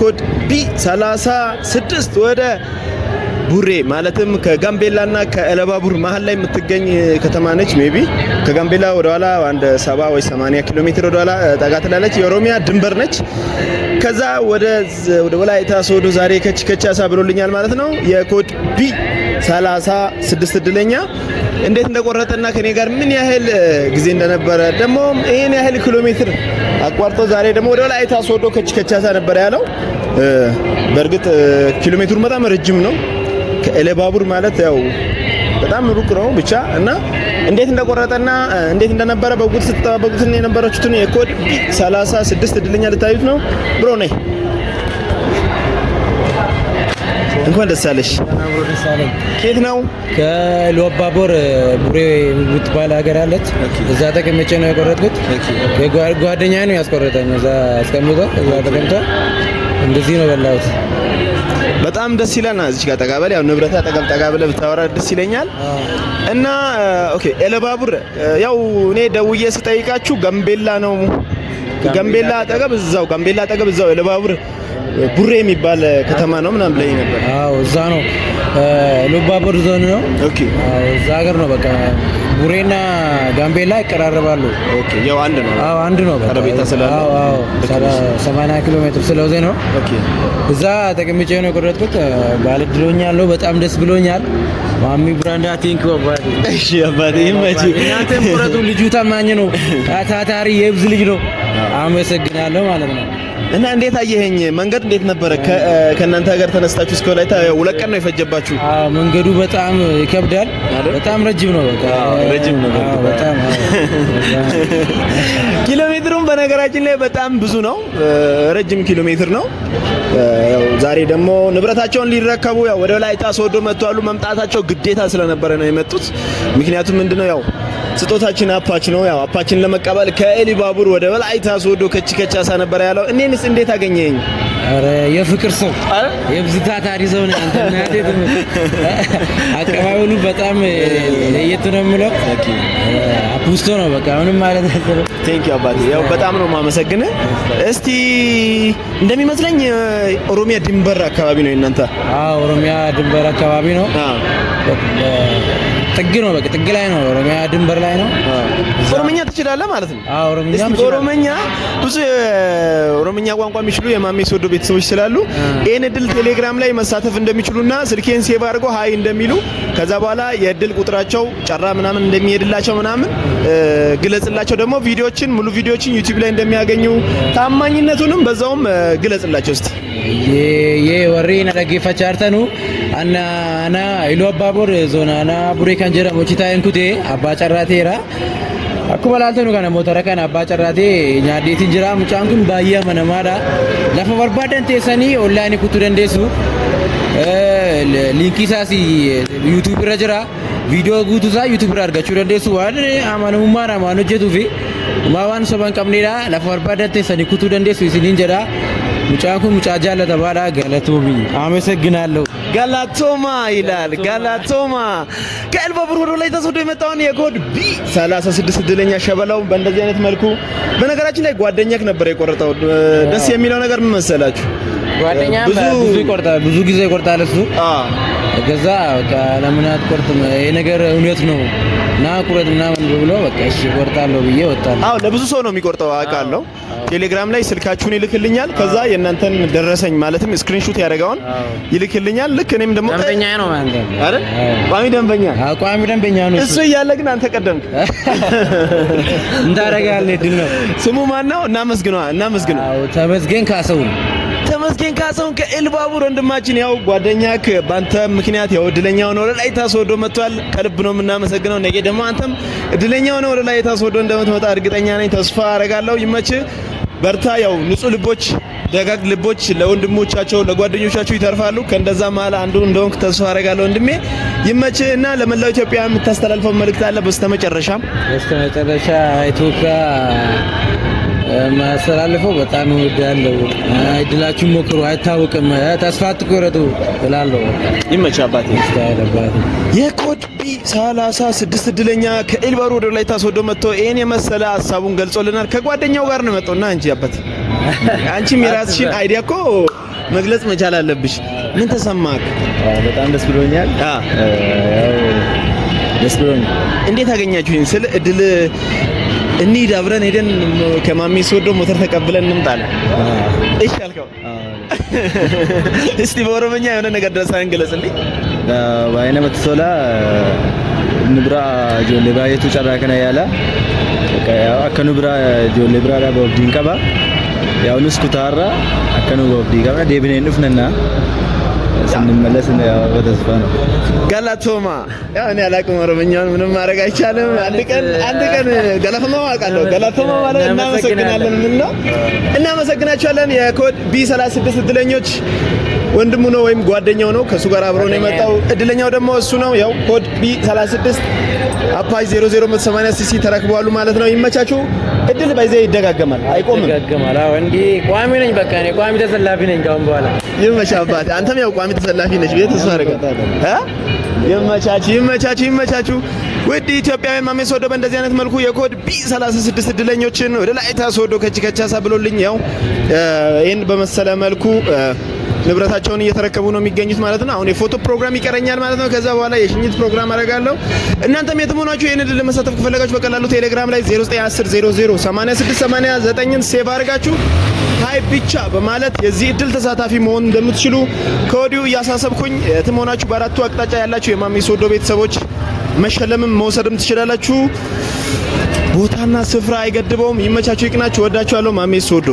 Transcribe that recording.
ኮድ ቢ 36 ወደ ቡሬ ማለትም ከጋምቤላና ከኤለባቡር መሀል ላይ የምትገኝ ከተማ ነች። ሜቢ ከጋምቤላ ወደኋላ አንድ 70 ወይ 80 ኪሎ ሜትር ወደኋላ ጠጋ ትላለች። የኦሮሚያ ድንበር ነች። ከዛ ወደ ወደ ወላይታ ሶዶ ዛሬ ከች ከች አሳብሎልኛል ማለት ነው። የኮድ ቢ 36 እድለኛ እንዴት እንደቆረጠና ከኔ ጋር ምን ያህል ጊዜ እንደነበረ ደግሞ ይሄን ያህል ኪሎ ሜትር አቋርጦ ዛሬ ደግሞ ወደ ወላይታ ሶዶ ከች ከቻሳ ነበር ያለው። በእርግጥ ኪሎ ሜትሩ በጣም ረጅም ነው። ከኤሌባቡር ማለት ያው በጣም ሩቅ ነው ብቻ እና እንዴት እንደቆረጠና እንዴት እንደነበረ በጉት ስትጠባበቁት ነው የነበረችሁትን የኮድ 36 እድለኛ ልታዩት ነው። ብሮ ነይ እንኳን ደስ አለሽ። ኬት ነው? ከሎባቦር ቡሬ የምትባል ሀገር አለች። እዛ ተቀምጬ ነው የቆረጥኩት። ጓደኛ ነው ያስቆረጠኝ። እዛ አስቀምጦ እዛ ተቀምጦ እንደዚህ ነው በላሁት። በጣም ደስ ይላል። እዚህ ጋር ጠጋ ያው ንብረት አጠገብ ጠጋ ብለህ ብታወራ ደስ ይለኛል። እና ኦኬ ኤለባቡር ያው እኔ ደውዬ ስጠይቃችሁ ጋምቤላ ነው። ጋምቤላ አጠገብ እዛው ጋምቤላ አጠገብ እዛው ኤለባቡር ቡሬ የሚባል ከተማ ነው ምናምን ብለኸኝ ነበር። አዎ እዛ ነው፣ ሉባቡር ዞን ነው። ኦኬ አዎ እዛ ሀገር ነው። በቃ ቡሬና ጋምቤላ ይቀራረባሉ። ኦኬ ያው አንድ ነው። አዎ አንድ ነው። በቃ ቀረቤታ ስላለ አዎ አዎ 80 ኪሎ ሜትር ስለዚህ ነው። ኦኬ እዛ ተቀምጬ ነው የቆረጥኩት። ባለ ድሎኛል፣ በጣም ደስ ብሎኛል። ማሚ ብራንዳ ቲንክ አባቴ። እሺ አባቴ ይመች። እናንተም ቁረጡ፣ ልጁ ታማኝ ነው፣ ታታሪ የብዝ ልጅ ነው። አመሰግናለሁ ማለት ነው። እና እንዴት አየኸኝ? መንገድ እንዴት ነበረ? ከእናንተ ሀገር ተነስታችሁ እስከ ወላይታ ሁለት ቀን ነው የፈጀባችሁ። መንገዱ በጣም ይከብዳል። በጣም ረጅም ነው። በቃ ረጅም ነው በጣም ኪሎ ሜትሩም በነገራችን ላይ በጣም ብዙ ነው። ረጅም ኪሎ ሜትር ነው። ዛሬ ደግሞ ንብረታቸውን ሊረከቡ ያው ወደ ወላይታ ሶዶ መጥተዋል። መምጣታቸው ግዴታ ስለነበረ ነው የመጡት። ምክንያቱም ምንድነው ያው ስጦታችን አፓች ነው። ያው አፓችን ለመቀበል ከኤሊ ባቡር ወደ ወላይታ ሶዶ ከች ከቻሳ ነበር ያለው። እኔንስ እንዴት አገኘኝ? አረ የፍቅር ሰው አረ የብዝታ ታሪ ሰው ነው አንተ። አቀባበሉ በጣም ለየት ነው የምለው ውስቶ ነው በቃ ምንም ማለት አይደለም። ቴንክ ዩ አባቴ፣ ያው በጣም ነው ማመሰግነ። እስቲ እንደሚመስለኝ ኦሮሚያ ድንበር አካባቢ ነው እናንተ? አዎ ኦሮሚያ ድንበር አካባቢ ነው። አዎ ጥግ ነው፣ በቃ ጥግ ላይ ነው። ኦሮሚያ ድንበር ላይ ነው። ኦሮምኛ ትችላለህ ማለት ነው? አዎ ኦሮምኛ ብዙ ኦሮምኛ ቋንቋ የሚችሉ የማሜ ሶዶ ቤተሰቦች ስላሉ ይህን እድል ቴሌግራም ላይ መሳተፍ እንደሚችሉና ስልኬን ሴቭ አድርገው ሀይ እንደሚሉ ከዛ በኋላ የእድል ቁጥራቸው ጨራ ምናምን እንደሚሄድላቸው ምናምን ግለጽላቸው። ደግሞ ቪዲዮችን ሙሉ ቪዲዮችን ዩቲዩብ ላይ እንደሚያገኙ ታማኝነቱንም በዛውም ግለጽላቸው። እስቲ ይሄ ወሬ ነገ ፈቻርተኑ ana ana ilu abbaa booree zoona ana buree kan jedhamu citaan kutee abbaa carraateera. Akkuma ilaaltu nu kana motora kana abbaa carraatee nyaaddeetiin jira. Mucaan kun baay'ee amanamaadha. Lafa barbaadan teessanii onlaayinii kutuu dandeessu. Liinkii isaas yuutuub irra jira. Viidiyoo guutuu isaa yuutuub irra argachuu dandeessu. Waan amanamummaan amaan hojjetuufi. Dhumaa waan soba hin qabnedha. Lafa barbaadan teessanii kutuu dandeessu isiniin jedha. ሙጫኩ ሙጫጃ ለተባላ ገለቶሚ አመሰግናለሁ። ጋላቶማ ይላል ጋላቶማ ከኤልባ ብሩዶ ላይ ተሰዶ የመጣውን የኮድ ቢ 36 እድለኛ ሸበላው በእንደዚህ አይነት መልኩ በነገራችን ላይ ጓደኛክ ነበር የቆረጠው። ደስ የሚለው ነገር ምን መሰላችሁ? ጓደኛ ብዙ ይቆርጣል፣ ብዙ ጊዜ ይቆርጣል እሱ። ገዛ በቃ ለምን አትቆርጥም? ይሄ ነገር እውነት ነው ና ቁረጥ ምናምን ብሎ በቃ እሺ እቆርጣለሁ ብዬ ወጣለሁ። አዎ ለብዙ ሰው ነው የሚቆርጠው አውቃለሁ። ቴሌግራም ላይ ስልካችሁን ይልክልኛል። ከዛ የእናንተን ደረሰኝ ማለትም ስክሪንሾት ያደረገውን ይልክልኛል። ልክ እኔም ደግሞ ደንበኛ ነው ማለት አረ ቋሚ ደንበኛ ቋሚ ደንበኛ ነው እሱ እያለ ግን አንተ ቀደምክ። እንዳረጋለ ድል ነው። ስሙ ማን ነው? እናመስግነዋ እናመስግነው። ተመስገን ካሰው ተመስገን ካሳሁን ከኤልባቡር ወንድማችን ያው ጓደኛክ በአንተ ምክንያት ያው እድለኛ ሆነ ወደ ላይ ታስወዶ መጥቷል። ከልብ ነው የምናመሰግነው። ነገ ደግሞ አንተም እድለኛ ሆነ ወደ ላይ ታስወዶ እንደምትመጣ እርግጠኛ ነኝ። ተስፋ አረጋለሁ። ይመች፣ በርታ። ያው ንጹህ ልቦች ደጋግ ልቦች ለወንድሞቻቸው ለጓደኞቻቸው ይተርፋሉ። ከእንደዛ መሀል አንዱ እንደሆንክ ተስፋ አረጋለሁ ወንድሜ ይመች እና ለመላው ኢትዮጵያ የምታስተላልፈው መልእክት አለ? በስተመጨረሻ በስተመጨረሻ ኢትዮጵያ ማስተላልፈው በጣም እወዳለሁ። እድላችሁን ሞክሩ፣ አይታወቅም። ተስፋ አትቆረጡ እላለሁ። ይመችህ አባቴ። የኮድ ቢ ሰላሳ ስድስት እድለኛ ከኤልባሩ ወደ ላይ ታስወዶ መጥቶ ይሄን የመሰለ ሀሳቡን ገልጾልናል። ከጓደኛው ጋር ነው መጣውና እንጂ አባቴ አንቺም የራስሽን አይዲያ እኮ መግለጽ መቻል አለብሽ። ምን ተሰማክ? በጣም ደስ ብሎኛል። አዎ ያው ደስ ብሎኛል። እንዴት አገኛችሁኝ ስል እድል እንሂድ አብረን ሄደን ከማሜ ስወዶ ሞተር ተቀብለን እንምጣለ። እሺ አልከው። እስቲ በኦሮምኛ የሆነ ነገር ደርሰን ግለጽልኝ። ባይነ መትሶላ ንብራ ጆሌ ባየቱ ጨራ ከና ያላ አከኑ ብራ ጆሌ ብራ ዳ በወብዲን ቀባ ያው ንስኩታራ አከኑ በወብዲ ቀባ ዴብኔን ኡፍነና ስንመለስ በተስፋ ነው። ገላቶማ ያው እኔ አላውቅም፣ ኦሮምኛውን ምንም ማድረግ አይቻልም። አንድ ቀን አንድ ቀን ገላቶማ አውቃለሁ። ገላቶማ ማለት እናመሰግናለን ምን ነው? እናመሰግናቸዋለን። የኮድ ቢ36 እድለኞች ወንድሙ ነው ወይም ጓደኛው ነው፣ ከእሱ ጋር አብሮ ነው የመጣው። እድለኛው ደግሞ እሱ ነው። ያው ኮድ ቢ36 አፓች 0080 ሲሲ ተረክበዋሉ ማለት ነው። ይመቻችሁ። እድል በዚያ ይደጋገማል፣ አይቆምም። ይደጋገማል። አዎ እንዲ ቋሚ ነኝ፣ በቃ እኔ ቋሚ ተሰላፊ ነኝ ካሁን በኋላ። ይመቻ አባቴ፣ አንተም ያው ቋሚ ተሰላፊ ነች። ቤት ተሰረቀ እ ይመቻችሁ፣ ይመቻችሁ፣ ይመቻችሁ። ውድ ኢትዮጵያውያን ማሜ ሶዶ በእንደዚህ አይነት መልኩ የኮድ ቢ 36 እድለኞችን ወደ ላይታ ሶዶ ከቺ ከቻሳ ብሎልኝ ያው ይህን በመሰለ መልኩ ንብረታቸውን እየተረከቡ ነው የሚገኙት ማለት ነው። አሁን የፎቶ ፕሮግራም ይቀረኛል ማለት ነው። ከዛ በኋላ የሽኝት ፕሮግራም አደርጋለሁ። እናንተም የትም ሆናችሁ ይህን ድል ለመሳተፍ ከፈለጋችሁ በቀላሉ ቴሌግራም ላይ 0910008689ን ሴቭ አድርጋችሁ ሀይ ብቻ በማለት የዚህ እድል ተሳታፊ መሆን እንደምትችሉ ከወዲሁ እያሳሰብኩኝ የትም ሆናችሁ በአራቱ አቅጣጫ ያላችሁ የማሚ ሶዶ ቤተሰቦች መሸለምም መውሰድም ትችላላችሁ። ቦታና ስፍራ አይገድበውም። ይመቻችሁ፣ ይቅናችሁ። ወዳችኋለሁ። ማሜ ሶዶ